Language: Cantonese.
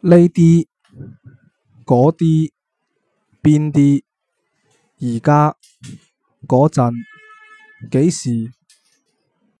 呢啲、嗰啲、邊啲、而家、嗰陣、幾時？